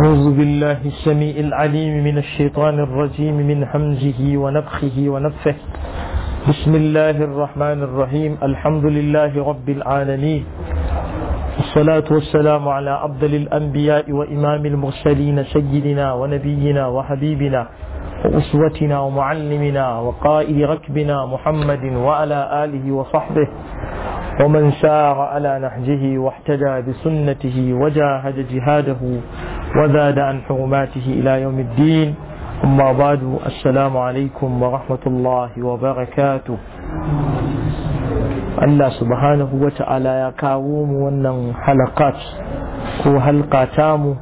أعوذ بالله السميع العليم من الشيطان الرجيم من همزه ونفخه ونفه بسم الله الرحمن الرحيم الحمد لله رب العالمين الصلاة والسلام على أفضل الأنبياء وإمام المرسلين سيدنا ونبينا وحبيبنا وأسوتنا ومعلمنا وقائد ركبنا محمد وعلى آله وصحبه ومن سار على نهجه واحتدى بسنته وجاهد جهاده وزاد عن حرماته إلى يوم الدين أما بعد السلام عليكم ورحمة الله وبركاته Allah subhanahu wa ta'ala ya kawo mu wannan halakat ko halka tamu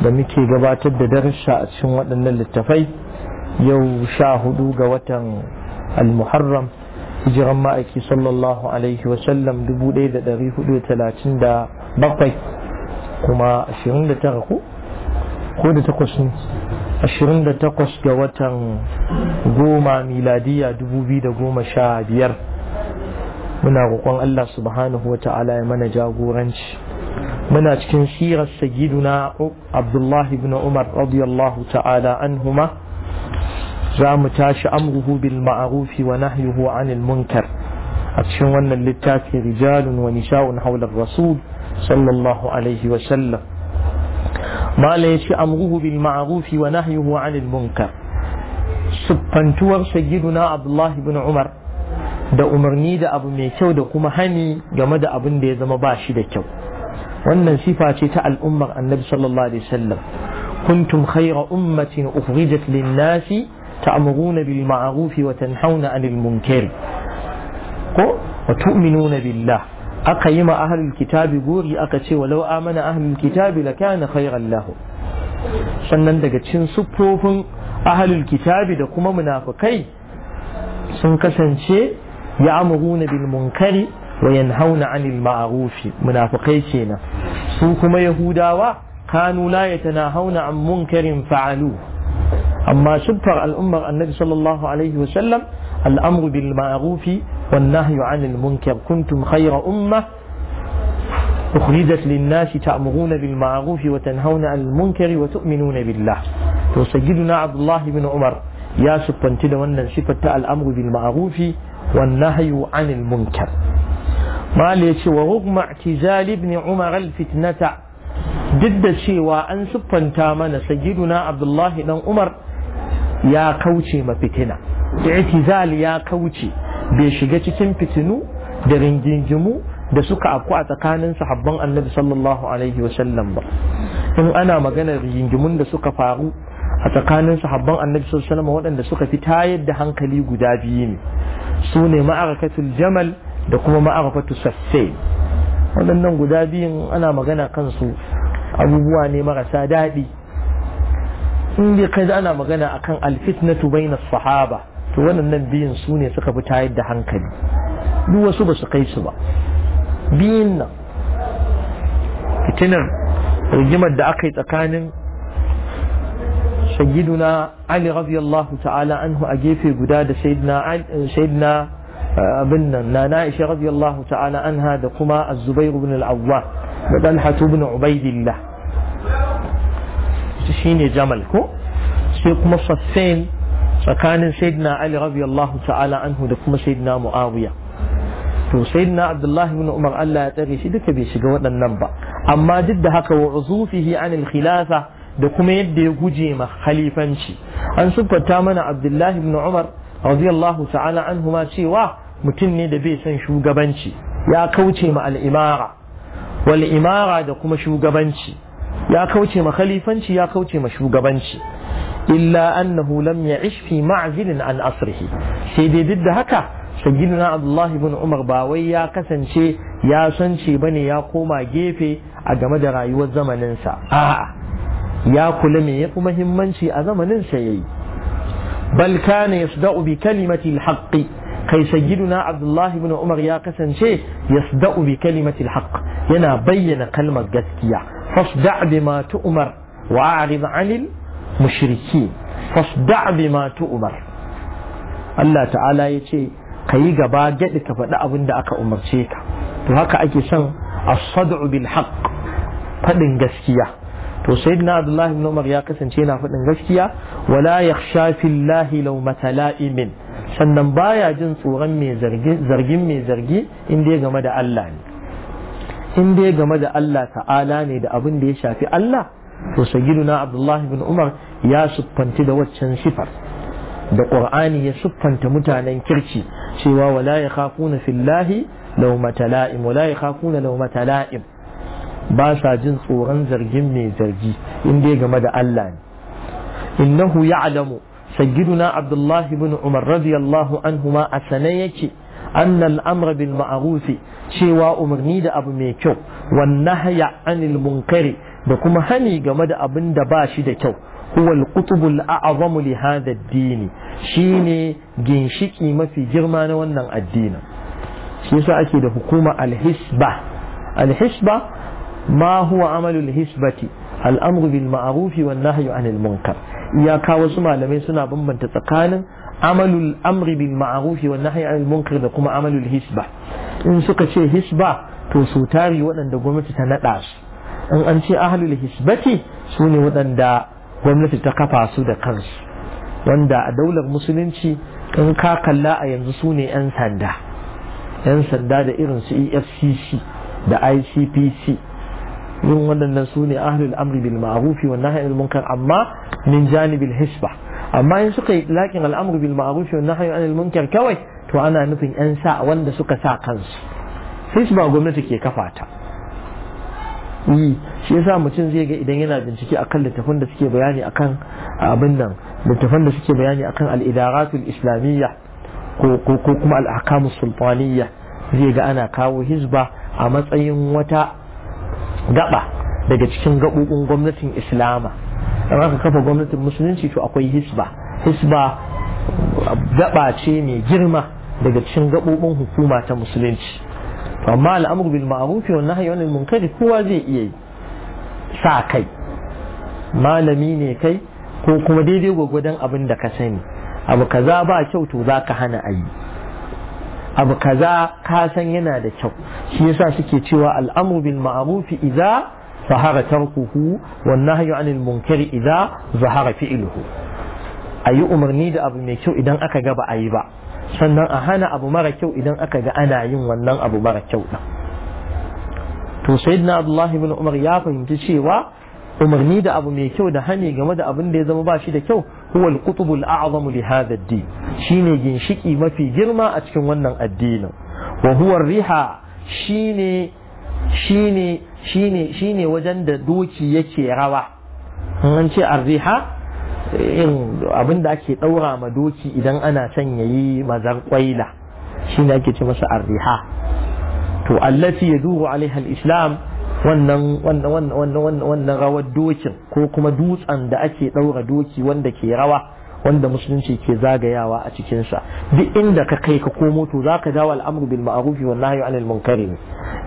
da muke gabatar da darussa a cikin waɗannan littafai yau sha hudu ga watan al-muharram hijiran ma'aiki sallallahu alaihi wasallam 1437 kuma 29 ko da takwas ne 28 ga watan goma miladiya 2015 muna roƙon Allah subhanahu wa ta'ala ya mana jagoranci muna cikin sirar sagiduna abdullahi ibn umar radiyallahu ta'ala anhuma za mu tashi amruhu bil ma'arufi wa nahyuhu anil munkar a cikin wannan littafin rijalun wa nisha'un haular rasul صلى الله عليه وسلم ما ليش أمره بالمعروف ونهيه عن المنكر سبحانتور سيدنا عبد الله بن عمر da umarni da abu mai kyau da kuma hani game da abin da ya zama ba shi da kyau wannan sifa ce ta al'ummar annabi sallallahu alaihi wasallam kuntum khayra ummatin ukhrijat lin-nasi ta'muruna bil ma'ruf wa tanhauna 'anil munkar ko wa tu'minuna billah aka yi ma ahlul kitabi guri aka ce walau amana ahlul kitabi lakana khayran lahu sannan daga cin siffofin ahlul kitabi da kuma munafikai sun kasance ya'muruna bil munkari wa yanhauna 'anil ma'rufi munafikai kenan su kuma yahudawa kanu la yatanahawna 'an munkarin fa'alu amma siffar al'ummar annabi sallallahu alaihi wa sallam al'amru bil ma'rufi والنهي عن المنكر كنتم خير أمة أخرجت للناس تأمرون بالمعروف وتنهون عن المنكر وتؤمنون بالله وسجدنا عبد الله بن عمر يا سبحانه لونا صفة الأمر بالمعروف والنهي عن المنكر ما ليش ورغم اعتزال ابن عمر الفتنة ضد شيوا وأن سبحان من سجدنا عبد الله بن عمر يا كوتي ما فتنة اعتزال يا كوتي bai shiga cikin fitinu da ringingimu da suka afku a tsakanin sahabban annabi sallallahu alaihi wasallam ba in ana maganar ringingimun da suka faru a tsakanin sahabban annabi sallallahu alaihi wasallam waɗanda suka fi tayar da hankali guda biyu ne su ne ma'arakatul jamal da kuma ma'arakatul sassai waɗannan guda biyun ana magana kansu abubuwa ne marasa daɗi in dai kai ana magana akan alfitnatu bainas sahaba to waɗannan biyun su ne suka fi tayar da hankali duk wasu ba su kai su ba biyun nan fitinar rigimar da aka yi tsakanin shagiduna ali radiyallahu ta'ala anhu a gefe guda da sayyidina eh, abin nan na na'isha radiyallahu ta'ala anha da kuma az-zubair ibn al-awwa da talha ibn ubaidillah shine jamal ko sai kuma safin tsakanin sayyidina ali radiyallahu ta'ala anhu da kuma sayyidina muawiya to sayyidina abdullahi ibn umar Allah ya tsare shi duka bai shiga waɗannan ba amma duk da haka wa uzufihi anil khilafa da kuma yadda ya guje ma khalifanci an siffata mana abdullah ibn umar radiyallahu ta'ala anhu ma cewa mutum ne da bai son shugabanci ya kauce ma al'imara wal imara da kuma shugabanci ya kauce ma khalifanci ya kauce ma shugabanci illa annahu lam ya'ish fi ma'zilin an asrihi sai dai duk da haka sayyidina Abdullah ibn Umar ba wai ya kasance ya sance bane ya koma gefe a game da rayuwar zamanin sa ya kula me yafi muhimmanci a zamanin sa yayi bal kana yasda'u bi kalimati al-haqqi kai sayyiduna abdullahi ibn umar ya kasance yasda'u bi kalimati al-haqq yana bayyana kalmar gaskiya fasda' bima tu'mar wa a'rid 'anil mushriki fasda bima tu'mar Allah ta'ala ya ce ka yi gaba gaɗi ka faɗi abin da aka umarce ka to haka ake son as-sad'u bil haqq faɗin gaskiya to sayyidina Abdullah ibn Umar ya kasance yana faɗin gaskiya wala yakhsha fillahi law matala'imin sannan baya jin tsoron mai zargin mai zargi in dai game da Allah ne in dai game da Allah ta'ala ne da abin da ya shafi Allah to sayyiduna abdullahi bin umar ya siffanti da waccan sifar da qur'ani ya siffanta mutanen kirki cewa wala yakhafuna fillahi lawmata la'im wala yakhafuna lawmata la'im ba sa jin tsoron zargin mai zargi in dai game da Allah ne innahu ya'lamu sayyiduna abdullahi bin umar radiyallahu anhuma a sane yake أن الأمر بالمعروف شوى أمرني دا أبو ميكو والنهي عن المنكر da kuma hani game da abin da ba shi da kyau huwal qutubul a'zamu li hadha ad-din shine ginshiki mafi girma na wannan addinin shi yasa ake da hukuma al-hisba al-hisba ma huwa amalu al-hisbati al-amru bil ma'ruf nahyu anil munkar iyaka wasu malamai suna bambanta tsakanin amalul amri bil ma'ruf wan nahyi anil munkar da kuma amalul hisba in suka ce hisba to su waɗanda gwamnati ta nada su in an ce ahalul hisbati su ne waɗanda gwamnati ta kafa su da kansu wanda a daular musulunci in ka kalla a yanzu su ne 'yan sanda 'yan sanda da irin su efcc da icpc yin waɗannan su ne ahalul amri bil ma'arufi wannan nahyi anil munkar amma min janibil hisba amma in suka yi lakin al'amru bil ma'arufi wannan nahyi anil munkar kawai to ana nufin 'yan sa wanda suka sa kansu hisba gwamnati ke kafa ta yi shi yasa mutum zai ga idan yana bincike akan littafin da suke bayani akan abin nan littafin da suke bayani akan al islamiyya ko kuma al'akamu ahkamus zai ga ana kawo hisba a matsayin wata gaba daga cikin gabobin gwamnatin islama in aka kafa gwamnatin musulunci to akwai hisba hisba gaba ce mai girma daga cikin gabobin hukuma ta musulunci amma al'amur bil ma'ruf wa nahyi anil munkari kowa zai iya yi sa kai malami ne kai ko kuma daidai gwagwadon abin da ka sani abu kaza ba kyau to za ka hana ayi abu kaza ka san yana da kyau shi yasa suke cewa al'amur bil ma'ruf idza zahara tarkuhu wan nahyu anil munkari idza zahara fi'luhu ayi umarni da abu mai kyau idan aka ga ba ayi ba sannan a hana abu mara kyau idan aka ga ana yin wannan abu mara kyau ɗin to sayyidina abdullahi ibn umar ya fahimci cewa umarni da abu mai kyau da hani game da abin da ya zama ba shi da kyau huwa al-qutbul a'zamu li hadha ad-din shine ginshiki mafi girma a cikin wannan addinin wa riha shine shine wajen da doki yake rawa an ce ar-riha yin abin da ake ɗaura ma doki idan ana son ya yi mazar kwaila shi ne ake ce masa arriha to allafi ya duhu alaiha islam wannan rawar dokin ko kuma dutsen da ake ɗaura doki wanda ke rawa wanda musulunci ke zagayawa a cikinsa duk inda ka kai ka komo to za ka dawo al'amru bil ma'arufi wa nahyu anil munkari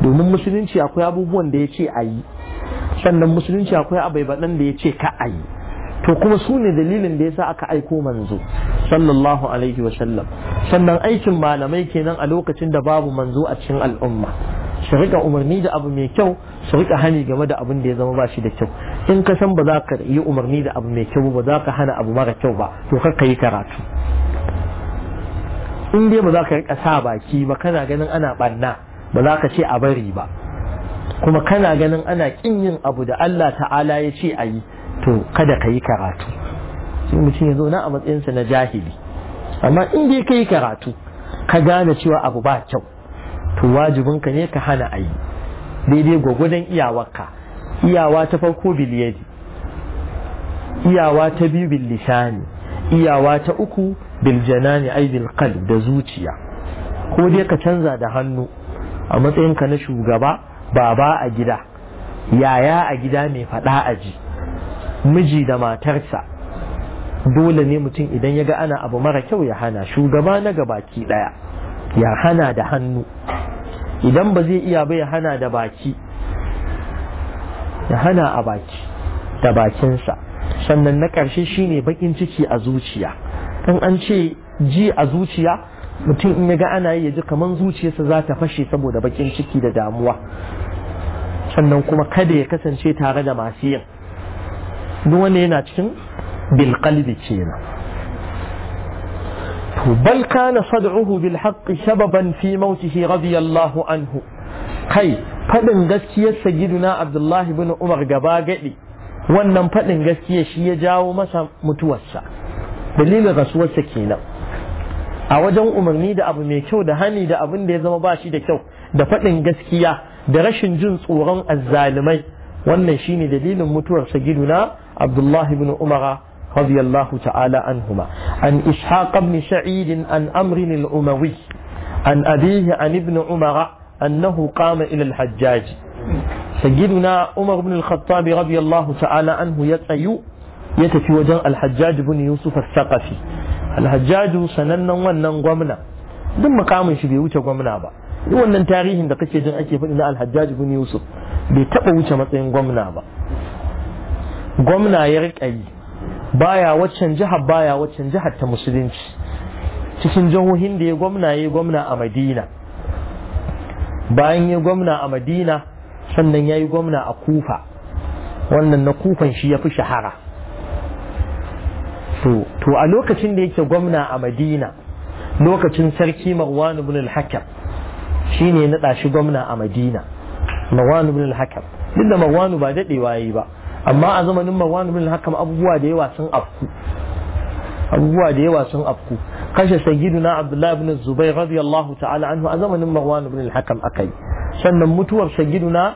domin musulunci akwai abubuwan da ya ce a yi sannan musulunci akwai abai baɗan da ya ce ka a yi to kuma su ne dalilin da yasa aka aiko manzo sallallahu alaihi wa sallam sannan aikin malamai kenan a lokacin da babu manzo a cikin al'umma su rika umarni da abu mai kyau su rika hani game da abin da ya zama bashi da kyau in ka san ba za ka yi umarni da abu mai kyau ba za ka hana abu mara kyau ba to kar ka yi karatu in dai ba za ka rika sa baki ba kana ganin ana banna ba za ka ce a bari ba kuma kana ganin ana kin yin abu da Allah ta'ala ya ce a yi to kada ka yi karatu sai mutum ya na a matsayinsa na jahili amma in dai ka yi karatu ka gane cewa abu ba kyau to wajibinka ne ka hana a yi daidai gwagwadon iyawarka iyawa ta farko biliyadi iyawa ta biyu bil iyawa ta uku bil janani ai bilkal da zuciya ko dai ka canza da hannu a matsayinka na shugaba baba a gida yaya a gida mai faɗa ji. miji da matarsa dole ne mutum idan ya ga ana abu mara kyau ya hana shugaba na gabaki daya ya hana da hannu idan ba zai iya ba ya hana da baki ya hana a baki da bakinsa sannan na ƙarshe shine bakin ciki a zuciya in an ce ji a zuciya mutum in ya ga ana yi ya ji kamar zuciyarsa za ta fashe saboda bakin ciki da damuwa sannan kuma kada ya kasance tare da masu yin duk wanda yana cikin bil qalbi kenan to bal kana sad'uhu bil haqqi sababan fi mautihi radiyallahu anhu kai fadin gaskiyar giduna abdullahi bin umar gaba gadi wannan fadin gaskiya shi ya jawo masa mutuwarsa dalilin rasuwarsa kenan a wajen umarni da abu mai kyau da hani da abin da ya zama ba shi da kyau da faɗin gaskiya da rashin jin tsoron azzalumai wannan shine dalilin mutuwarsa giduna. عبد الله بن عمر رضي الله تعالى عنهما عن إسحاق بن سعيد عن أمر الأموي عن أبيه عن ابن عمر أنه قام إلى الحجاج سيدنا عمر بن الخطاب رضي الله تعالى عنه يتأيو يتفي وجن الحجاج بن يوسف الثقفي الحجاج سنن ونن غمنا دم makamin shi bai ومنا gwamna ba تاريخ tarihin da kake jin ake faɗi na alhajjaji bin yusuf gwamna ya riƙa yi baya waccan jihar baya waccan jihar ta musulunci cikin jihohin da ya gwamna ya gwamna a madina bayan ya gwamna a madina sannan ya yi gwamna a kufa wannan na kufan shi ya fi shahara to a lokacin da yake gwamna a madina lokacin sarki marwan ibn al-hakam shine ya naɗa shi gwamna a madina marwan ibn al-hakam duk da ba daɗewa yi ba amma a zamanin marwan bin hakam abubuwa da yawa sun afku abubuwa da yawa sun afku kashe sayyiduna abdullahi bin zubair radiyallahu ta'ala anhu a zamanin marwan bin hakam akai sannan mutuwar sayyiduna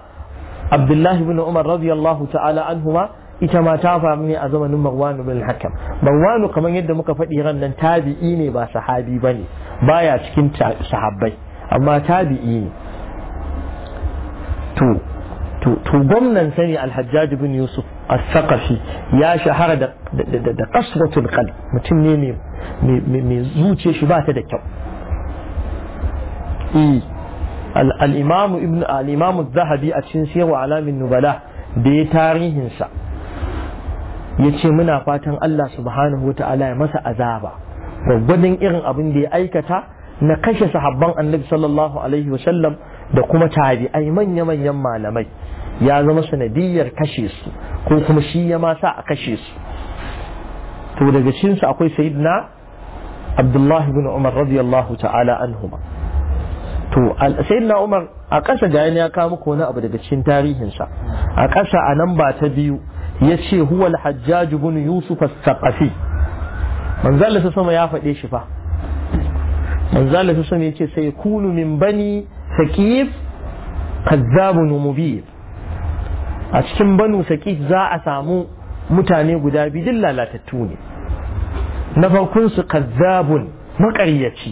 abdullahi bin umar radiyallahu ta'ala anhu ma ita ma ta faru ne a zamanin marwan bin hakam marwan kamar yadda muka faɗi ran nan tabi'i ne ba sahabi bane baya cikin sahabbai amma tabi'i ne to to gwamnan sani alhajjaji bin yusuf al-saqafi ya shahara da da qaswatul qalb mutum ne mai zuciya shi ba ta da kyau e, al-imamu ibn al-imamu zahabi a cikin sirru alamin nubala da ya tarihinsa ya ce muna fatan Allah subhanahu wa ya masa azaba gwaggwadon irin abin da ya aikata na kashe sahabban annabi sallallahu alaihi wa sallam da kuma tabi'ai manya-manyan malamai ya zama sanadiyar kashe su ko kuma shi ya masa a kashe su to daga cinsu akwai Sayyidina abdullahi bin umar radiyallahu ta'ala anhuma to Sayyidina umar a ƙasa ga ya kawo muku wani abu daga cikin tarihinsa a ƙasa a nan ba ta biyu ya ce huwa al-hajjaj bin yusuf as-saqafi manzo sama ya faɗe shi fa manzo sama ya ce sai kunu min bani Sakif kazzabun mubir a cikin banu sakif za a samu mutane guda biyu duk lalatattu ne na farkon su kazzabun maƙaryaci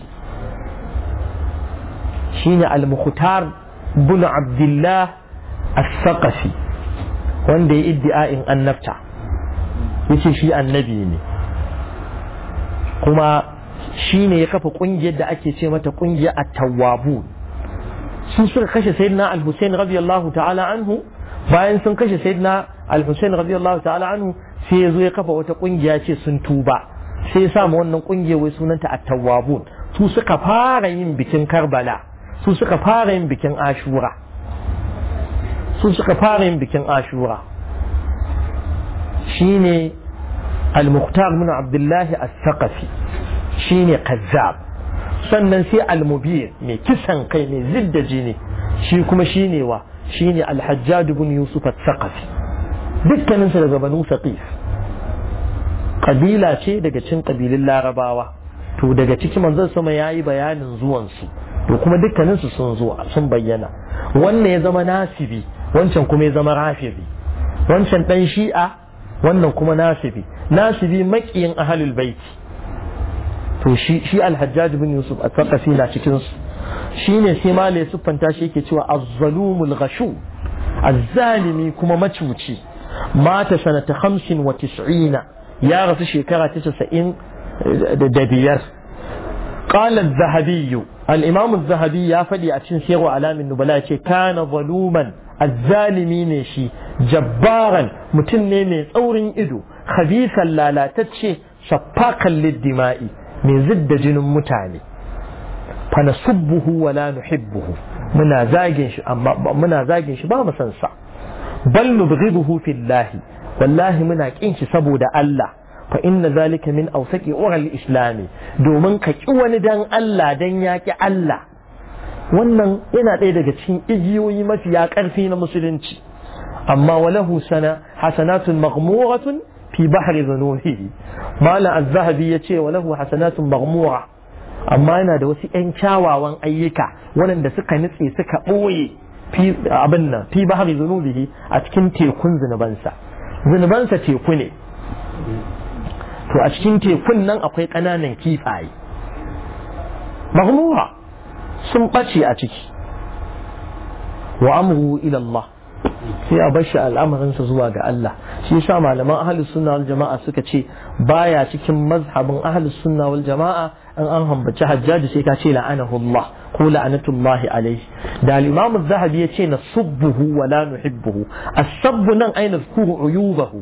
shine al-mukhtar bin abdullah as-saqafi wanda ya iddi'a'in annabta yace shi annabi ne kuma shine ya kafa kungiyar da ake ce mata kungiyar at-tawwabun sun suka kashe sayyidina al-Husayn radiyallahu ta'ala anhu bayan sun kashe sayyidina al-Husayn radiyallahu ta'ala anhu sai yazo ya kafa wata kungiya ce sun tuba sai ya sa wannan kungiya wai sunanta at-tawwabun su suka fara yin bikin Karbala su suka fara yin bikin Ashura su suka fara yin bikin Ashura shine al-Mukhtar ibn Abdullahi as-Saqafi shine kazzab sannan sai almubir mai kisan kai mai zidda jini shi kuma shi ne wa shi ne alhajjadu bin yusuf al-saqafi dukkaninsa daga banu saqif kabila ce daga cin kabilin larabawa to daga ciki manzon sama yayi bayanin zuwansu to kuma dukkaninsu sun zuwa sun bayyana wannan ya zama nasibi wancan kuma ya zama rafibi wancan dan shi'a wannan kuma nasibi nasibi makiyin ahlul baiti to shi shi alhajjaj bin yusuf a tsakasi na cikin su shine sai ma ya siffanta shi yake cewa az-zalumul ghashu az-zalimi kuma macuci mata sanata 95 ya rasu shekara ta 90 da biyar قال الذهبي الإمام الذهبي يا فدي أتشن سيغو علام النبلاء كان ظلوما الظالمي نشي جبارا متنيني ثور إدو خبيثا لا لا تتشي شفاقا للدماء mai zidda jinin mutane fa nasubbuhu wala nuhibbuhu muna zagin shi amma muna zagin shi ba mu san sa bal nubghiduhu fillahi wallahi muna kin shi saboda Allah fa inna zalika min awsaqi ural islami domin ka ki wani dan Allah dan ya ki Allah wannan yana ɗaya daga cikin igiyoyi mafiya ƙarfi na musulunci amma walahu sana hasanatun maghmuratun fi bahri dhunubihi malam az-zahabi yace wa lahu hasanatun maghmura amma yana da wasu yan kyawawan ayyuka waɗanda suka nitse suka ɓoye fi abin nan fi bahri dhunubihi a cikin tekun zunubansa zunubansa teku ne to a cikin tekun nan akwai ƙananan kifaye maghmura sun ɓace a ciki wa amru ila Allah sai a bar shi al'amarinsa zuwa ga Allah shi yasa malaman ahlus sunna wal jama'a suka ce baya cikin mazhabin ahlus sunna wal jama'a an an hambaci hajjaji sai ka ce la'anahullah ko la'anatullahi alaihi da al-imam az-zahabi yace nasubbuhu wa la nuhibbuhu as-sabbu nan ay nazkuru uyubahu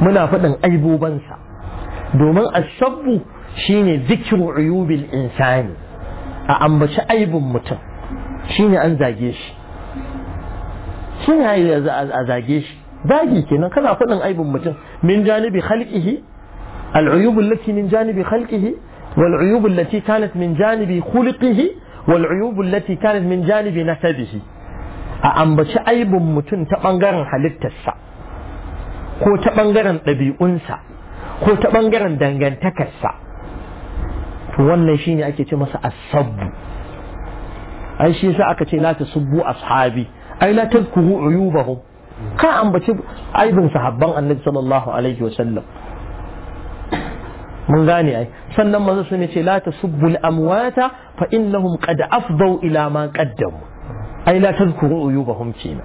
muna faɗin aibobansa domin as-sabbu shine zikru uyubil insani a ambaci aibun mutum shine an zage shi sai a zage shi zagi kenan kana faɗin aibin mutum min janibi khalqihi العيوب التي من جانب خلقه والعيوب التي كانت من جانب خلقه والعيوب التي كانت من a ambaci أأنبش mutum ta تبنغرن halittarsa ko ta ɓangaren ɗabi'unsa ko ta ɓangaren dangantakarsa to wannan shine ake ce masa asabbu ai shi yasa aka ce la tasubbu ashabi ai la tazkuru uyubahum ka ambaci aibin sahabban annabi sallallahu alaihi wa sallam mun gane ai sannan manzo sun ce la tasubbul amwata fa innahum qad afdau ila ma qaddamu ai la tazkuru uyubahum kenan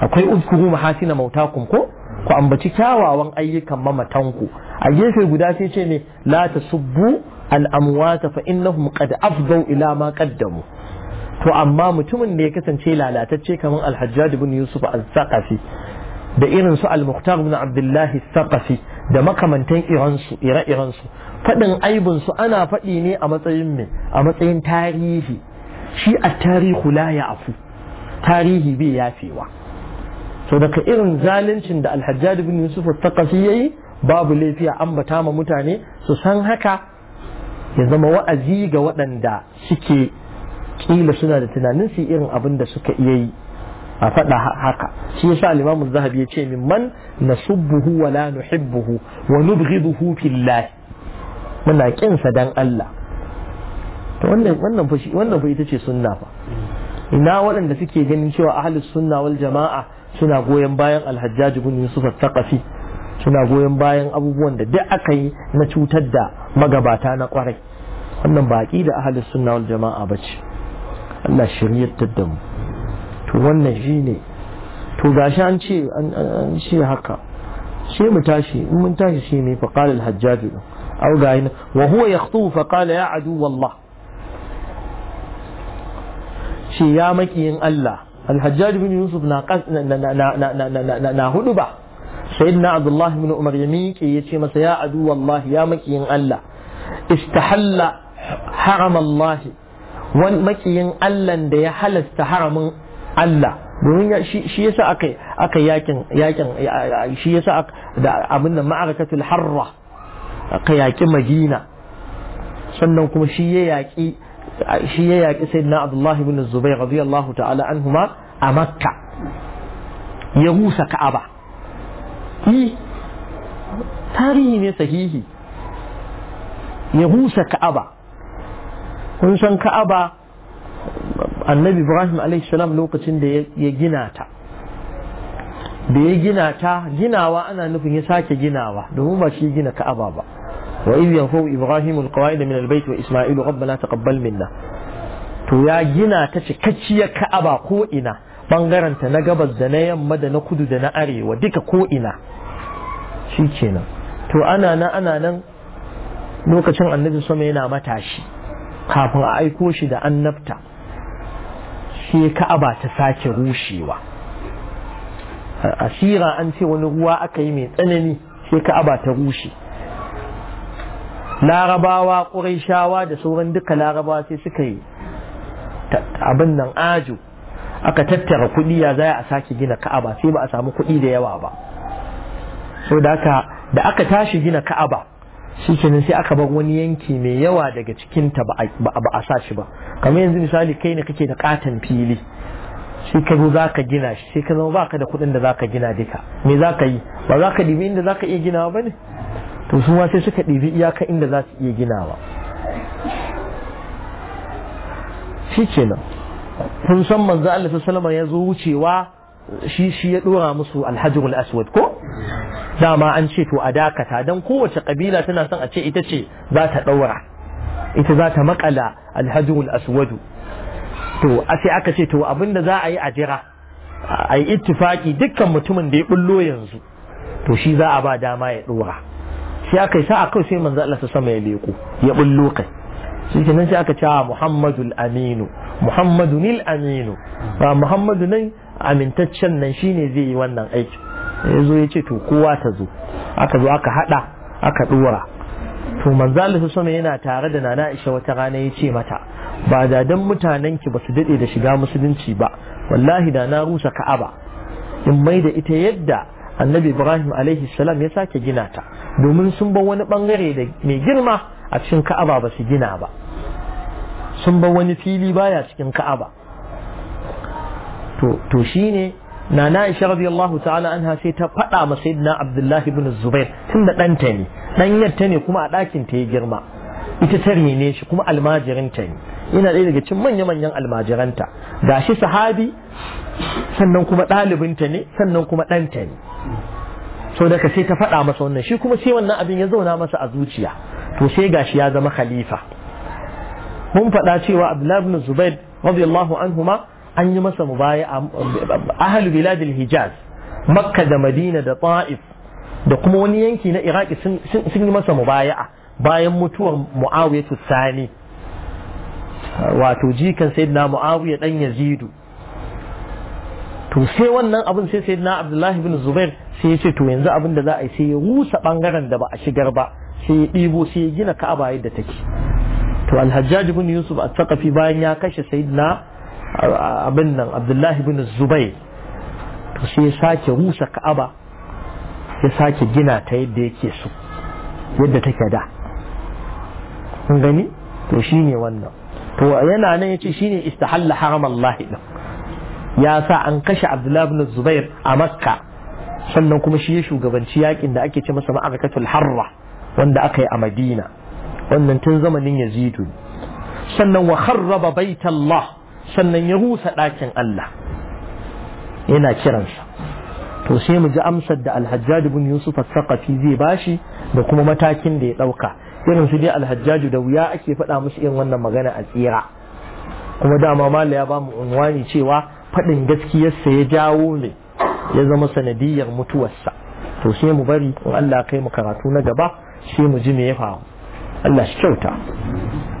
akwai uzkuru mahasina mautakum ko ku ambaci kyawawan ayyukan mamatanku a gefe guda sai ce ne la tasubbu al amwata fa innahum qad afdau ila ma qaddamu to amma mutumin da ya kasance lalatacce kamar alhajjaj ibn yusuf al-saqafi da irin su al-mukhtar ibn abdullahi al-saqafi da makamantan iransu ire su. faɗin aibin su ana faɗi ne a matsayin me a matsayin tarihi shi a tarihu la afu tarihi bai yafewa so daga irin zaluncin da alhajjaj ibn yusuf al-saqafi yayi babu laifiya bata ma mutane su san haka ya zama wa'azi ga waɗanda suke kila suna da tunanin su irin abin da suka iya yi a faɗa haka shi yasa al zahabi ya ce min man nasubbuhu wa la nuhibbuhu wa nubghiduhu fillah muna kin sa dan Allah to wannan wannan fa wannan fa ita ce sunna fa ina waɗanda suke ganin cewa ahlus sunna wal jama'a suna goyon bayan al-Hajjaj ibn Yusuf al-Thaqafi suna goyon bayan abubuwan da duk aka yi na cutar da magabata na kwarai wannan baki da ahlus sunna wal jama'a bace Allah shiryar da mu to wannan shi ne to gashi an ce an ce haka sai mu tashi in mun tashi shi ne fa qala al-hajjaj aw ga ina wa huwa yaqtu fa qala ya adu wallah shi ya makiyin Allah al-hajjaj bin yusuf na na hudu ba sayyidina abdullah bin umar ya miƙe ya ce masa ya adu wallah ya makiyin Allah istahalla haram Allah wani makiyin Allah da ya halasta haramin Allah domin shi yasa aka aka yakin yakin shi yasa da abin da ma'arakatul harra aka yaki Madina sannan kuma shi ya yaki shi ya yaki sayyidina Abdullah ibn Zubair radiyallahu ta'ala anhuma a Makka ya rusa Ka'aba yi tarihi ne sahihi ya rusa Ka'aba kun san ka'aba annabi ibrahim salam lokacin da ya gina ta da ya gina ta ginawa ana nufin ya sake ginawa domin ba shi gina ka'aba ba wa iz yanfu ibrahim alqawaid min albayt wa isma'il rabbana taqabbal minna to ya gina ta cikakkiyar ka'aba ko ina bangaren ta na gabas da na yamma da na kudu da na arewa duka ko ina shikenan to ana nan ana nan lokacin annabi sama yana matashi kafin a aiko shi da annabta sai ka'aba ta sake rushewa asira an ce wani ruwa aka yi mai tsanani sai ka'aba ta rushe larabawa ƙuraishawa da sauran duka larabawa sai suka yi abin nan ajo aka tattara kuɗi ya za a sake gina ka'aba sai ba a samu kuɗi da yawa ba so da aka tashi gina ka'aba shi kenan sai aka bar wani yanki mai yawa daga cikinta ba a sa shi ba kamar yanzu misali kai ne kake da katon fili shi ka zo za ka gina shi sai ka zama ba ka da kuɗin da za ka gina duka me za ka yi ba za ka ɗibi inda za ka iya ginawa ba ne to su ma sai suka ɗibi iyaka inda za su iya ginawa shi kenan kun san manzo Allah sallallahu alaihi wasallam ya zo wucewa shi shi ya dora musu alhajjul aswad ko dama an ce to a dakata don kowace kabila tana son a ce ita ce za ta ɗaura ita za ta makala alhajjul aswadu to a sai aka ce to abinda za a yi a jira a yi ittifaki dukkan mutumin da ya bullo yanzu to shi za a ba dama ya ɗora sai aka yi sa'a kawai sai manzo Allah sama ya leko ya bullo kai shi nan sai aka ce ah, Muhammadul Aminu Muhammadu nil Aminu ba Muhammadu nan amintaccen nan shine zai yi wannan aiki ya zo ya ce to kowa ta zo aka zo aka hada aka dora to manzali su yana tare da nana isha wata rana ya ce mata ba da dan mutanen ki ba su dade da shiga musulunci ba wallahi da na rusa Ka'aba in mai da ita yadda Annabi Ibrahim alaihi salam ya sake gina ta domin sun ba wani bangare da mai girma a cikin Ka'aba ba su gina ba sun bar wani fili baya cikin Ka'aba to to shine nana aisha radiyallahu ta'ala anha sai ta faɗa ma sayyidina abdullahi ibn zubair tunda ta ne Dan yarta ne kuma a dakin ta ya girma ita ta rene shi kuma almajirinta ne yana ɗaya daga cikin manya manyan almajiranta gashi sahabi sannan kuma ɗalibinta ne sannan kuma ɗanta ne so daga sai ta faɗa masa wannan shi kuma sai wannan abin ya zauna masa a zuciya to sai gashi ya zama khalifa mun faɗa cewa abdullahi ibn zubair radiyallahu anhuma an yi masa mubaya ahlu biladil hijaz makka da madina da ta'if da kuma wani yanki na iraki sun yi masa mubaya'a bayan mutuwar mu'awiyar tussani. wato jikan sayyidina mu'awiyar dan yazidu to sai wannan abin sai sayyidina abdullahi bin zubair sai ya ce to yanzu abin da za a yi sai ya rusa bangaren da ba a shigar ba sai ya ɗibo sai ya gina ka'aba yadda take to alhajjaji bin yusuf a tsakafi bayan ya kashe sayyidina abin nan abdullahi bin zubai to sai ya sake rusa ka'aba ya sake gina ta yadda yake so yadda take da kun gani to ne wannan to yana nan yace shine istahalla haram Allah din ya sa an kashe abdullahi bin zubair a makka sannan kuma shi ya shugabanci yakin da ake ce masa ma'arakatul harra wanda aka yi a madina wannan tun zamanin yazidu sannan wa kharraba baitallah sannan ya rusa ɗakin Allah yana kiransa to sai mu ji amsar da alhajjaji bin yusuf al zai bashi da kuma matakin da ya ɗauka irin su dai alhajjaji da wuya ake faɗa musu irin wannan magana a tsira kuma dama mala ya ba mu unwani cewa faɗin gaskiyarsa ya jawo ne ya zama sanadiyar mutuwarsa to sai mu bari in Allah kai mu karatu na gaba sai mu ji me ya faru Allah shi kyauta